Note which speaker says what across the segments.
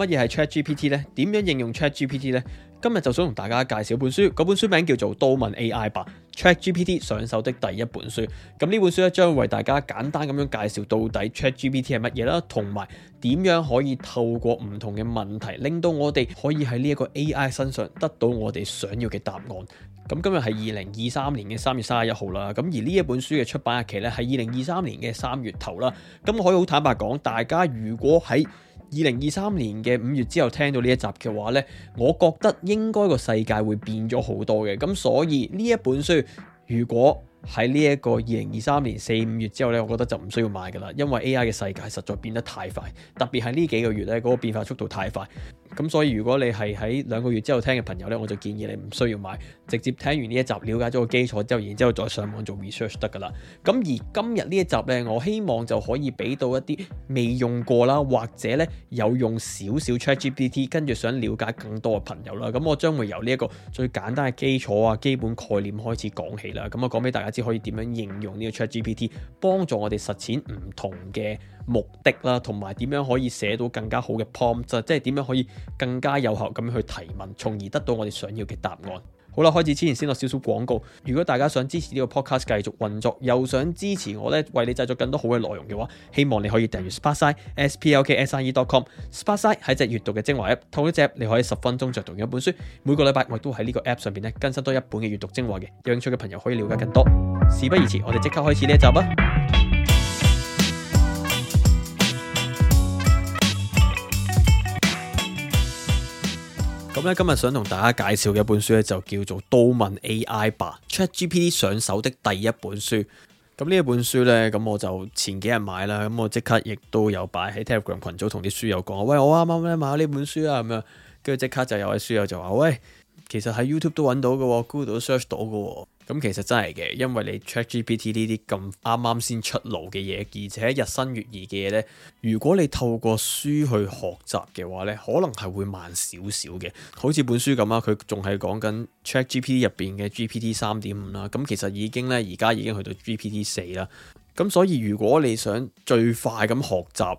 Speaker 1: 乜嘢係 ChatGPT 呢？點樣應用 ChatGPT 呢？今日就想同大家介紹一本書，嗰本書名叫做《都問 AI 吧》，ChatGPT 上手的第一本書。咁呢本書咧，將為大家簡單咁樣介紹到底 ChatGPT 係乜嘢啦，同埋點樣可以透過唔同嘅問題，令到我哋可以喺呢一個 AI 身上得到我哋想要嘅答案。咁今日係二零二三年嘅三月三十一號啦。咁而呢一本書嘅出版日期咧，係二零二三年嘅三月頭啦。咁可以好坦白講，大家如果喺二零二三年嘅五月之後聽到呢一集嘅話呢，我覺得應該個世界會變咗好多嘅，咁所以呢一本書，如果喺呢一個二零二三年四五月之後呢，我覺得就唔需要買噶啦，因為 A.I. 嘅世界實在變得太快，特別係呢幾個月呢，嗰個變化速度太快。咁所以如果你係喺兩個月之後聽嘅朋友呢，我就建議你唔需要買，直接聽完呢一集，了解咗個基礎之後，然之後再上網做 research 得噶啦。咁而今日呢一集呢，我希望就可以俾到一啲未用過啦，或者呢有用少少 ChatGPT 跟住想了解更多嘅朋友啦。咁我將會由呢一個最簡單嘅基礎啊、基本概念開始講起啦。咁我講俾大家。只可以點樣應用呢個 ChatGPT 幫助我哋實踐唔同嘅目的啦，同埋點樣可以寫到更加好嘅 prompt，即係點樣可以更加有效咁樣去提問，從而得到我哋想要嘅答案。好啦，開始之前先落少少廣告。如果大家想支持呢個 podcast 繼續運作，又想支持我咧，為你製作更多好嘅內容嘅話，希望你可以訂閱 Sparksine sparksine.com，Sparksine 係隻閱讀嘅精華 app。透過一隻，你可以十分鐘就讀完一本書。每個禮拜我亦都喺呢個 app 上邊咧更新多一本嘅閱讀精華嘅。有興趣嘅朋友可以了解更多。事不宜遲，我哋即刻開始呢一集啊！咁咧今日想同大家介紹嘅一本書咧就叫做《都問 AI 吧》，ChatGPT 上手的第一本書。咁呢一本書呢，咁我就前幾日買啦，咁我即刻亦都有擺喺 Telegram 群組同啲書友講，喂，我啱啱咧買咗呢本書啊，咁樣，跟住即刻就有位書友就話，喂，其實喺 YouTube 都揾到嘅，Google 都 search 到嘅，哦。咁其實真係嘅，因為你 ChatGPT 呢啲咁啱啱先出爐嘅嘢，而且日新月異嘅嘢呢，如果你透過書去學習嘅話呢，可能係會慢少少嘅。好似本書咁啦，佢仲係講緊 ChatGPT 入邊嘅 GPT 三點五啦，咁其實已經呢，而家已經去到 GPT 四啦。咁所以如果你想最快咁學習，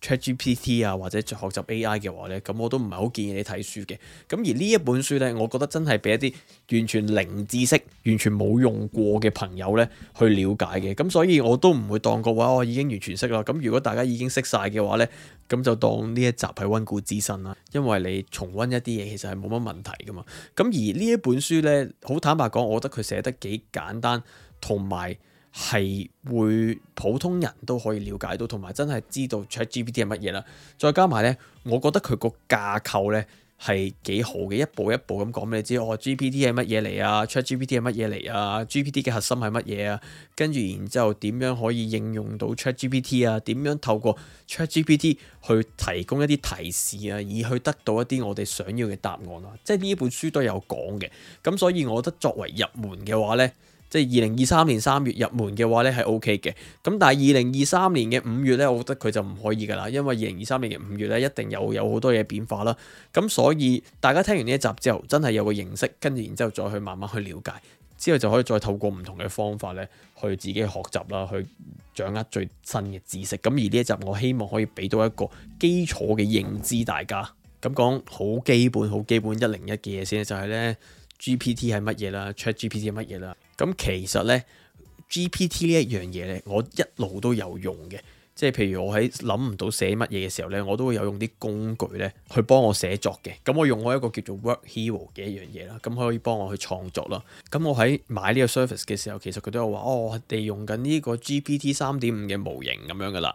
Speaker 1: ChatGPT 啊，或者在學習 AI 嘅話呢，咁我都唔係好建議你睇書嘅。咁而呢一本書呢，我覺得真係俾一啲完全零知識、完全冇用過嘅朋友呢去了解嘅。咁所以我都唔會當個話我已經完全識啦。咁如果大家已經識晒嘅話呢，咁就當呢一集係溫故知新啦。因為你重溫一啲嘢，其實係冇乜問題噶嘛。咁而呢一本書呢，好坦白講，我覺得佢寫得幾簡單，同埋。係會普通人都可以了解到，同埋真係知道 ChatGPT 係乜嘢啦。再加埋呢，我覺得佢個架構呢係幾好嘅，一步一步咁講俾你知哦。GPT 係乜嘢嚟啊？ChatGPT 係乜嘢嚟啊？GPT 嘅核心係乜嘢啊？跟住然之後點樣可以應用到 ChatGPT 啊？點樣透過 ChatGPT 去提供一啲提示啊，而去得到一啲我哋想要嘅答案啊？即係呢本書都有講嘅。咁所以我覺得作為入門嘅話呢。即係二零二三年三月入門嘅話咧，係 O K 嘅。咁但係二零二三年嘅五月咧，我覺得佢就唔可以噶啦，因為二零二三年嘅五月咧，一定有有好多嘢變化啦。咁所以大家聽完呢一集之後，真係有個認識，跟住然之後再去慢慢去了解，之後就可以再透過唔同嘅方法咧，去自己學習啦，去掌握最新嘅知識。咁而呢一集我希望可以俾到一個基礎嘅認知，大家咁講好基本好基本一零一嘅嘢先，就係咧 G P T 係乜嘢啦，Chat G P T 係乜嘢啦。咁其實呢 GPT 呢一樣嘢呢，我一路都有用嘅。即係譬如我喺諗唔到寫乜嘢嘅時候呢，我都會有用啲工具呢去幫我寫作嘅。咁我用過一個叫做 Work Hero 嘅一樣嘢啦，咁可以幫我去創作啦。咁我喺買呢個 service 嘅時候，其實佢都有話：哦，我哋用緊呢個 GPT 三點五嘅模型咁樣噶啦。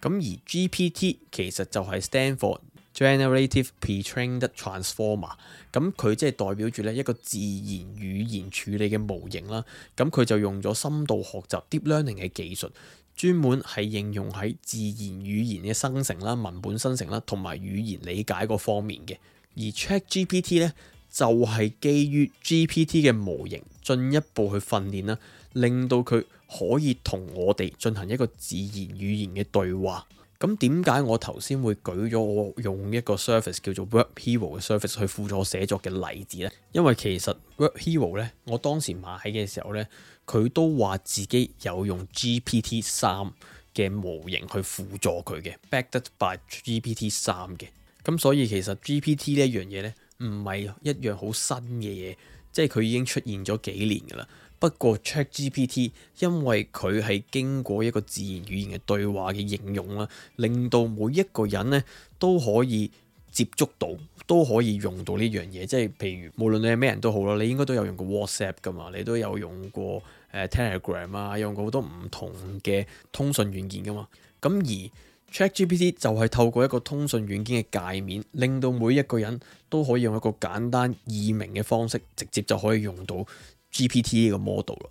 Speaker 1: 咁而 GPT 其實就係 stand for。Generative Pre-trained Transformer，咁佢即係代表住咧一個自然語言處理嘅模型啦。咁佢就用咗深度學習 deep learning 嘅技術，專門係應用喺自然語言嘅生成啦、文本生成啦同埋語言理解嗰方面嘅。而 ChatGPT 咧就係、是、基於 GPT 嘅模型進一步去訓練啦，令到佢可以同我哋進行一個自然語言嘅對話。咁點解我頭先會舉咗我用一個 service 叫做 Work Hero 嘅 service 去輔助寫作嘅例子呢？因為其實 Work Hero 咧，我當時買嘅時候咧，佢都話自己有用 GPT 三嘅模型去輔助佢嘅，backed by GPT 三嘅。咁所以其實 GPT 呢一樣嘢咧，唔係一樣好新嘅嘢，即係佢已經出現咗幾年噶啦。不過 ChatGPT 因為佢係經過一個自然語言嘅對話嘅應用啦，令到每一個人呢都可以接觸到，都可以用到呢樣嘢。即係譬如無論你係咩人都好啦，你應該都有用過 WhatsApp 㗎嘛，你都有用過誒 Telegram 啊，用過好多唔同嘅通訊軟件㗎嘛。咁而 ChatGPT 就係透過一個通訊軟件嘅界面，令到每一個人都可以用一個簡單易明嘅方式，直接就可以用到。GPT 呢個 model 啦，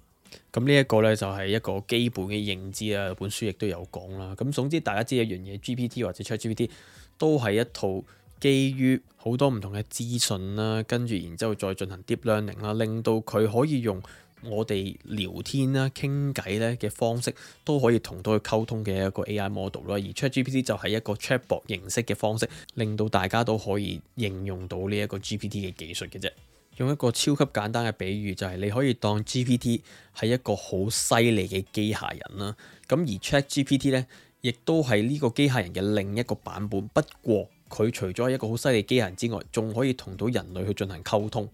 Speaker 1: 咁呢一個呢，就係一個基本嘅認知啊，本書亦都有講啦。咁總之大家知一樣嘢，GPT 或者 ChatGPT 都係一套基於好多唔同嘅資訊啦，跟住然之後再進行 deep learning 啦，令到佢可以用我哋聊天啦、傾偈呢嘅方式都可以同到佢溝通嘅一個 AI model 啦。而 ChatGPT 就係一個 chatbot 形式嘅方式，令到大家都可以應用到呢一個 GPT 嘅技術嘅啫。用一個超級簡單嘅比喻，就係你可以當 GPT 係一個好犀利嘅機械人啦，咁而 ChatGPT 咧，亦都係呢個機械人嘅另一個版本。不過佢除咗係一個好犀利機械人之外，仲可以同到人類去進行溝通。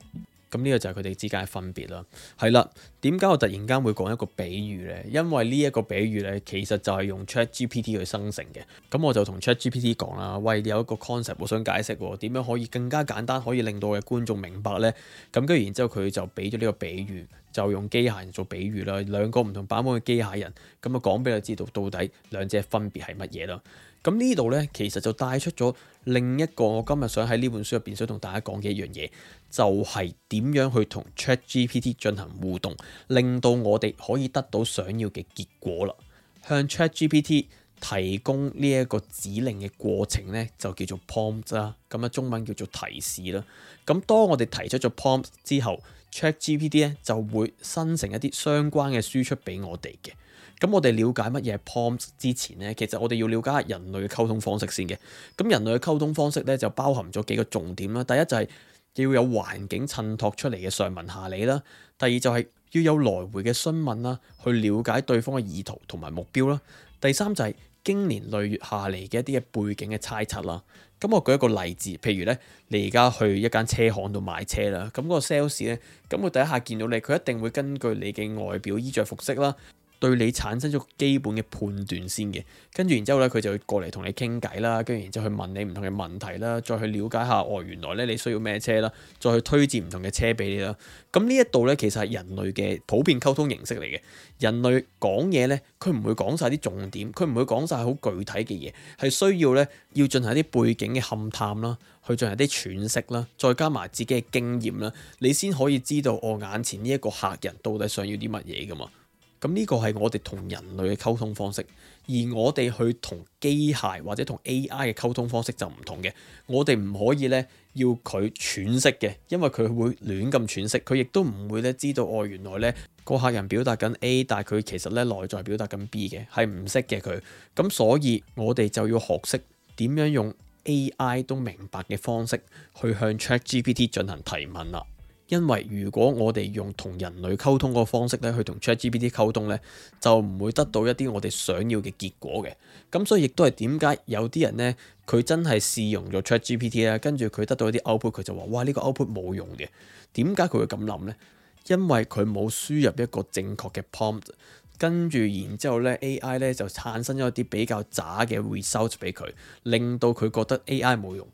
Speaker 1: 咁呢個就係佢哋之間嘅分別啦。係啦，點解我突然間會講一個比喻呢？因為呢一個比喻呢，其實就係用 ChatGPT 去生成嘅。咁我就同 ChatGPT 講啦，喂，有一個 concept 我想解釋，點樣可以更加簡單可以令到我嘅觀眾明白呢？咁跟住然之後佢就俾咗呢個比喻，就用機械人做比喻啦，兩個唔同版本嘅機械人，咁啊講俾佢知道到底兩者分別係乜嘢啦。咁呢度呢，其實就帶出咗另一個我今日想喺呢本書入邊想同大家講嘅一樣嘢，就係、是、點樣去同 ChatGPT 進行互動，令到我哋可以得到想要嘅結果啦。向 ChatGPT 提供呢一個指令嘅過程呢，就叫做 prompt 啦、啊，咁樣中文叫做提示啦。咁、啊、當我哋提出咗 prompt 之後，ChatGPT 咧就會生成一啲相關嘅輸出俾我哋嘅。咁我哋了解乜嘢係 prompt 之前呢，其實我哋要了解下人類嘅溝通方式先嘅。咁人類嘅溝通方式咧就包含咗幾個重點啦。第一就係要有環境襯托出嚟嘅上文下理啦；第二就係要有來回嘅詢問啦，去了解對方嘅意圖同埋目標啦；第三就係經年累月下嚟嘅一啲嘅背景嘅猜測啦。咁我舉一個例子，譬如呢，你而家去一間車行度買車啦，咁嗰個 sales 咧，咁佢第一下見到你，佢一定會根據你嘅外表、衣着、服飾啦，對你產生咗基本嘅判斷先嘅，跟住然之後咧，佢就會過嚟同你傾偈啦，跟住然之後去問你唔同嘅問題啦，再去了解下，哦，原來咧你需要咩車啦，再去推薦唔同嘅車俾你啦。咁呢一度咧，其實係人類嘅普遍溝通形式嚟嘅。人類講嘢咧，佢唔會講晒啲重點，佢唔會講晒好具體嘅嘢，係需要咧要進行一啲背景嘅勘探啦，去進行一啲詮釋啦，再加埋自己嘅經驗啦，你先可以知道我眼前呢一個客人到底想要啲乜嘢噶嘛。咁呢個係我哋同人類嘅溝通方式，而我哋去同機械或者同 AI 嘅溝通方式就唔同嘅。我哋唔可以呢要佢喘息嘅，因為佢會亂咁喘息。佢亦都唔會呢知道哦，原來呢個客人表達緊 A，但係佢其實呢內在表達緊 B 嘅，係唔識嘅佢。咁所以我哋就要學識點樣用 AI 都明白嘅方式去向 ChatGPT 進行提問啦。因為如果我哋用同人類溝通個方式咧，去同 ChatGPT 溝通咧，就唔會得到一啲我哋想要嘅結果嘅。咁所以亦都係點解有啲人咧，佢真係試用咗 ChatGPT 啦、啊，跟住佢得到一啲 output，佢就話：「哇，呢個 output 冇用嘅。點解佢會咁諗呢？因為佢冇輸入一個正確嘅 prompt，跟住然之後咧，AI 咧就產生咗一啲比較渣嘅 result 俾佢，令到佢覺得 AI 冇用。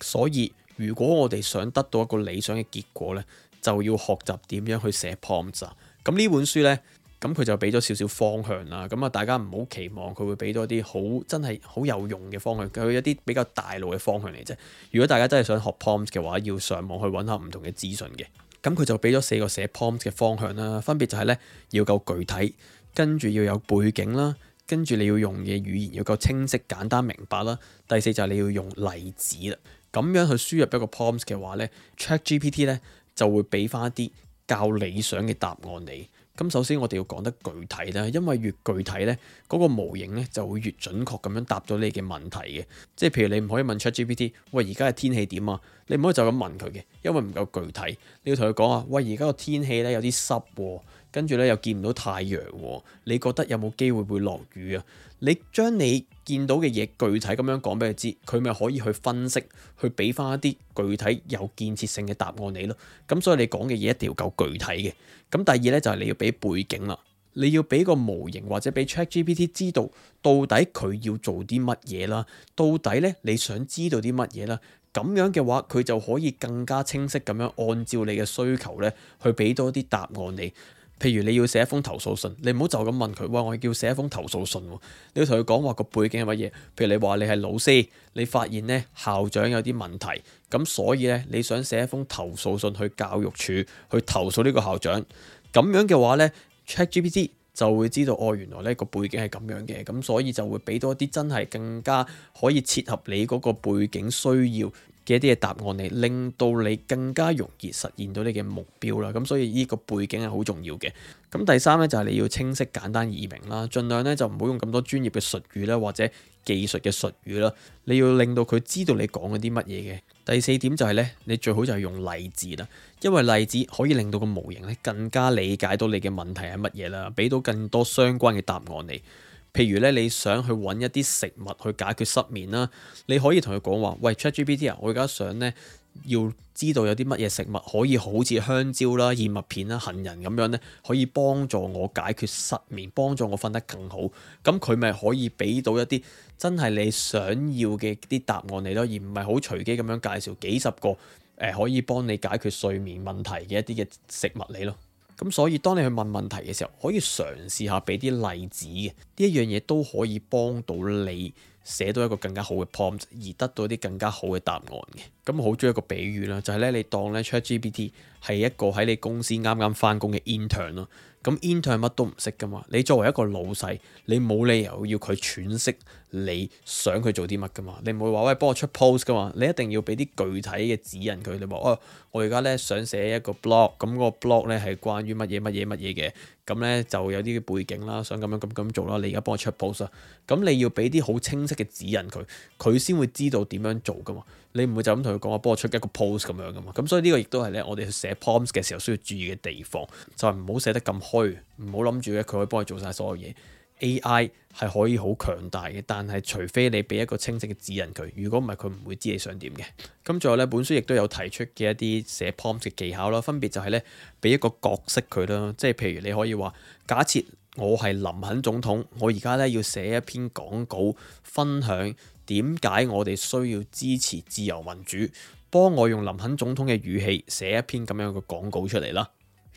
Speaker 1: 所以如果我哋想得到一個理想嘅結果呢，就要學習點樣去寫 prompt 啊。咁呢本書呢，咁佢就俾咗少少方向啦。咁啊，大家唔好期望佢會俾多啲好真係好有用嘅方向，佢有啲比較大路嘅方向嚟啫。如果大家真係想學 prompt 嘅話，要上網去揾下唔同嘅資訊嘅。咁佢就俾咗四個寫 prompt 嘅方向啦，分別就係呢：要夠具體，跟住要有背景啦，跟住你要用嘅語言要夠清晰簡單明白啦。第四就係你要用例子啦。咁樣去輸入一個 prompt 嘅話呢 ChatGPT 呢就會俾翻一啲較理想嘅答案你。咁首先我哋要講得具體啦，因為越具體呢，嗰、那個模型呢就會越準確咁樣答到你嘅問題嘅。即係譬如你唔可以問 ChatGPT，喂而家嘅天氣點啊？你唔可以就咁問佢嘅，因為唔夠具體。你要同佢講啊，喂而家個天氣呢有啲濕，跟住呢又見唔到太陽喎、啊。你覺得有冇機會會落雨啊？你將你見到嘅嘢具體咁樣講俾佢知，佢咪可以去分析，去俾翻一啲具體有建設性嘅答案你咯。咁所以你講嘅嘢一定要夠具體嘅。咁第二呢，就係你要俾背景啦，你要俾個模型或者俾 ChatGPT 知道到底佢要做啲乜嘢啦，到底呢你想知道啲乜嘢啦。咁樣嘅話，佢就可以更加清晰咁樣按照你嘅需求呢，去俾多啲答案你。譬如你要寫一封投訴信，你唔好就咁問佢，喂，我叫寫一封投訴信，你要同佢講話個背景係乜嘢。譬如你話你係老師，你發現呢校長有啲問題，咁所以呢，你想寫一封投訴信去教育處去投訴呢個校長，咁樣嘅話呢 ChatGPT 就會知道，哦，原來呢個背景係咁樣嘅，咁所以就會俾多啲真係更加可以切合你嗰個背景需要嘅一啲嘅答案嚟，令到你更加容易實現到你嘅目標啦。咁所以呢個背景係好重要嘅。咁第三呢，就係你要清晰、簡單易明啦，盡量呢就唔好用咁多專業嘅術語啦，或者技術嘅術語啦。你要令到佢知道你講緊啲乜嘢嘅。第四點就係呢，你最好就係用例子啦，因為例子可以令到個模型咧更加理解到你嘅問題係乜嘢啦，俾到更多相關嘅答案你。譬如咧，你想去揾一啲食物去解決失眠啦，你可以同佢講話：喂，ChatGPT 啊，我而家想咧要知道有啲乜嘢食物可以好似香蕉啦、燕麥片啦、杏仁咁樣咧，可以幫助我解決失眠，幫助我瞓得更好。咁佢咪可以俾到一啲真係你想要嘅啲答案你咯，而唔係好隨機咁樣介紹幾十個誒、呃、可以幫你解決睡眠問題嘅一啲嘅食物你咯。咁所以當你去問問題嘅時候，可以嘗試下俾啲例子嘅，呢一樣嘢都可以幫到你寫到一個更加好嘅 prompt，而得到啲更加好嘅答案嘅。咁好中意一個比喻啦，就係咧你當咧 ChatGPT 係一個喺你公司啱啱返工嘅 intern 咯。咁 inter 係乜都唔識噶嘛？你作為一個老細，你冇理由要佢喘息你想佢做啲乜噶嘛？你唔會話喂，幫我出 post 噶嘛？你一定要俾啲具體嘅指引佢。你話哦，我而家咧想寫一個 blog，咁個 blog 咧係關於乜嘢乜嘢乜嘢嘅，咁咧就有啲背景啦，想咁樣咁咁做啦。你而家幫我出 post 啊。咁你要俾啲好清晰嘅指引佢，佢先會知道點樣做噶嘛。你唔會就咁同佢講話幫我出一個 prompt 咁樣噶嘛？咁所以呢個亦都係咧，我哋去寫 prompt 嘅時候需要注意嘅地方，就係唔好寫得咁虛，唔好諗住咧佢可以幫你做晒所有嘢。AI 係可以好強大嘅，但係除非你俾一個清晰嘅指引佢，如果唔係佢唔會知你想點嘅。咁最後呢，本書亦都有提出嘅一啲寫 prompt 嘅技巧啦，分別就係咧俾一個角色佢啦，即係譬如你可以話假設我係林肯總統，我而家咧要寫一篇廣告，分享。點解我哋需要支持自由民主？幫我用林肯總統嘅語氣寫一篇咁樣嘅廣告出嚟啦！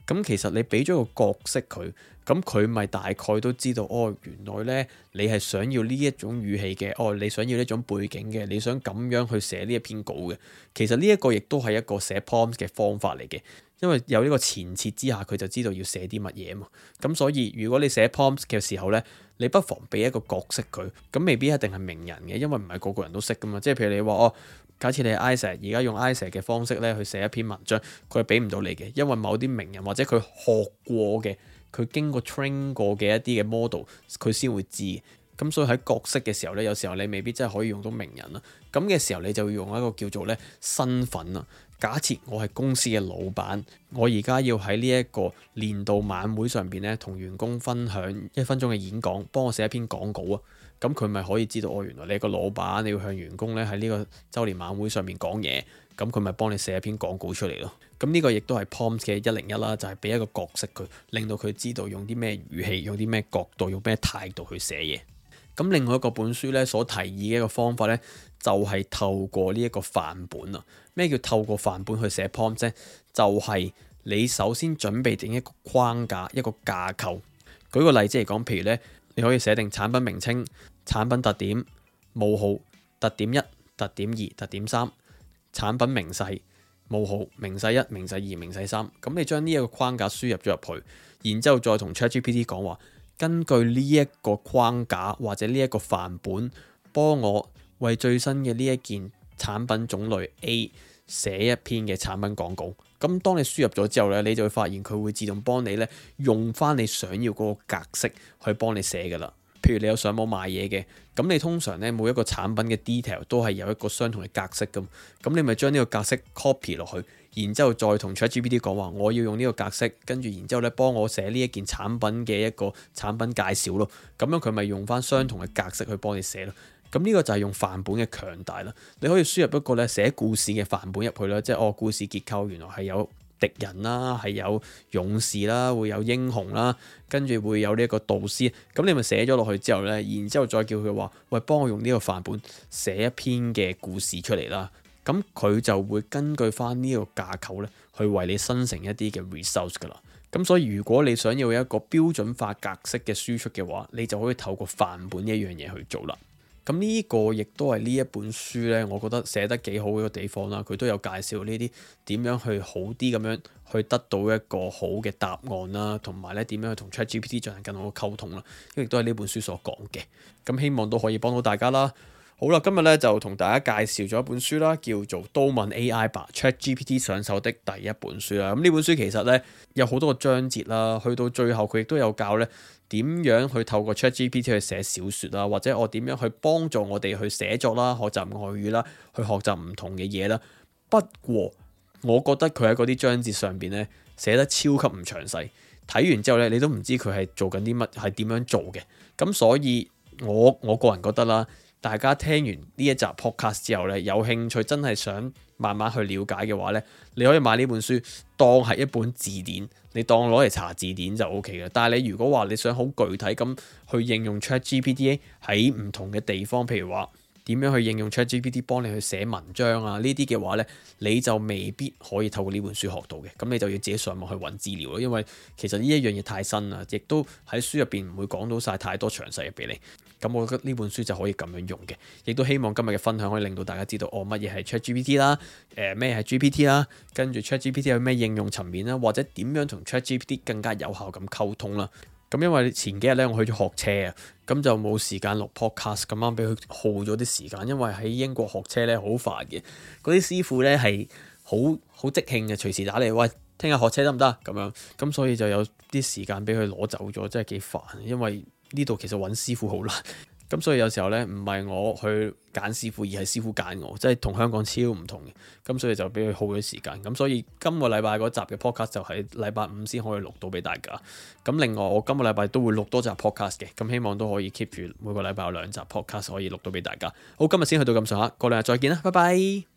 Speaker 1: 咁其實你俾咗個角色佢，咁佢咪大概都知道哦，原來呢，你係想要呢一種語氣嘅，哦你想要呢種背景嘅，你想咁樣去寫呢一篇稿嘅。其實呢一個亦都係一個寫 prompt 嘅方法嚟嘅。因為有呢個前設之下，佢就知道要寫啲乜嘢嘛。咁所以如果你寫 prompt 嘅時候呢，你不妨俾一個角色佢，咁未必一定係名人嘅，因為唔係個個人都識噶嘛。即係譬如你話哦，假設你係 ISA，而家用 ISA 嘅方式呢去寫一篇文章，佢係俾唔到你嘅，因為某啲名人或者佢學過嘅，佢經過 train 過嘅一啲嘅 model，佢先會知。咁所以喺角色嘅時候呢，有時候你未必真係可以用到名人啦。咁嘅時候你就用一個叫做呢身份啦。假設我係公司嘅老闆，我而家要喺呢一個年度晚會上邊咧，同員工分享一分鐘嘅演講，幫我寫一篇講稿啊。咁佢咪可以知道，哦，原來你係個老闆，你要向員工咧喺呢個周年晚會上面講嘢，咁佢咪幫你寫一篇講稿出嚟咯。咁呢個亦都係 Prompt 嘅一零一啦，就係俾一個角色佢，令到佢知道用啲咩語氣，用啲咩角度，用咩態度去寫嘢。咁另外一個本書咧所提議嘅一個方法咧，就係透過呢一個範本啊。咩叫透過範本去寫 prompt 啫？就係你首先準備定一個框架，一個架構。舉個例子嚟講，譬如咧，你可以寫定產品名稱、產品特點、冒號、特點一、特點二、特點三、產品名細、冒號、名細一、名細二、名細三。咁你將呢一個框架輸入咗入去，然之後再同 ChatGPT 講話。根據呢一個框架或者呢一個範本，幫我為最新嘅呢一件產品種類 A 寫一篇嘅產品廣告。咁當你輸入咗之後呢，你就會發現佢會自動幫你呢，用翻你想要嗰個格式去幫你寫噶啦。譬如你有上網買嘢嘅，咁你通常呢，每一個產品嘅 detail 都係有一個相同嘅格式咁，咁你咪將呢個格式 copy 落去。然之後再同 ChatGPT 講話，我要用呢個格式，跟住然之後咧幫我寫呢一件產品嘅一個產品介紹咯，咁樣佢咪用翻相同嘅格式去幫你寫咯。咁呢個就係用範本嘅強大啦。你可以輸入一個咧寫故事嘅範本入去啦，即係哦故事結構原來係有敵人啦，係有勇士啦，會有英雄啦，跟住會有呢一個導師。咁你咪寫咗落去之後咧，然之後再叫佢話，喂，幫我用呢個範本寫一篇嘅故事出嚟啦。咁佢就會根據翻呢個架構咧，去為你生成一啲嘅 resource 噶啦。咁所以如果你想要一個標準化格式嘅輸出嘅話，你就可以透過範本呢一樣嘢去做啦。咁呢個亦都係呢一本書咧，我覺得寫得幾好嘅地方啦。佢都有介紹呢啲點樣去好啲咁樣去得到一個好嘅答案啦，同埋咧點樣去同 ChatGPT 進行更好嘅溝通啦，因為都係呢本書所講嘅。咁希望都可以幫到大家啦。好啦，今日咧就同大家介紹咗一本書啦，叫做《都問 AI 吧 ChatGPT 上手的第一本書》啦。咁呢本書其實咧有好多個章節啦，去到最後佢亦都有教咧點樣去透過 ChatGPT 去寫小說啦，或者我點樣去幫助我哋去寫作啦、學習外語啦、去學習唔同嘅嘢啦。不過我覺得佢喺嗰啲章節上邊咧寫得超級唔詳細，睇完之後咧你都唔知佢係做緊啲乜，係點樣做嘅。咁所以我我個人覺得啦。大家聽完呢一集 podcast 之後咧，有興趣真係想慢慢去了解嘅話咧，你可以買呢本書當係一本字典，你當攞嚟查字典就 O K 嘅。但係你如果話你想好具體咁去應用 ChatGPT A 喺唔同嘅地方，譬如話。點樣去應用 ChatGPT 幫你去寫文章啊？呢啲嘅話呢，你就未必可以透過呢本書學到嘅，咁你就要自己上網去揾資料咯。因為其實呢一樣嘢太新啦，亦都喺書入邊唔會講到晒太多詳細嘅俾你。咁我覺得呢本書就可以咁樣用嘅，亦都希望今日嘅分享可以令到大家知道，我、哦、乜嘢係 ChatGPT 啦，誒、呃、咩係 GPT 啦，跟住 ChatGPT 有咩應用層面啦，或者點樣同 ChatGPT 更加有效咁溝通啦。咁因為前幾日咧我去咗學車啊，咁就冇時間錄 podcast，咁啱俾佢耗咗啲時間。因為喺英國學車咧好煩嘅，嗰啲師傅咧係好好即興嘅，隨時打嚟，喂，聽日學車得唔得咁樣，咁所以就有啲時間俾佢攞走咗，真係幾煩。因為呢度其實揾師傅好難。咁所以有時候咧，唔係我去揀師傅，而係師傅揀我，即係同香港超唔同嘅。咁所以就俾佢耗咗時間。咁所以今個禮拜嗰集嘅 podcast 就喺禮拜五先可以錄到俾大家。咁另外我今個禮拜都會錄多集 podcast 嘅。咁希望都可以 keep 住每個禮拜有兩集 podcast 可以錄到俾大家。好，今日先去到咁上下，過兩日再見啦，拜拜。